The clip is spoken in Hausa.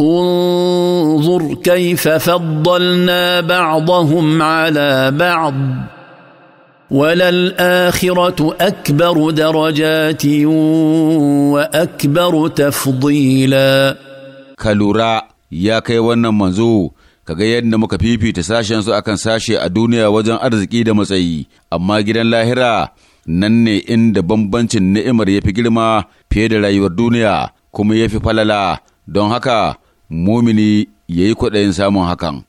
انظر كيف فضلنا بعضهم على بعض وللاخره اكبر درجات واكبر تفضيلا كالورا يا كي wannan manzo kaga yadda muka fifita sashen su akan sashe a duniya wajen arziki da matsayi amma gidan lahira nan ne inda bambancin ni'imar ya fi girma fiye da rayuwar duniya kuma ya fi falala don haka mumini ya yi kwaɗayin samun hakan.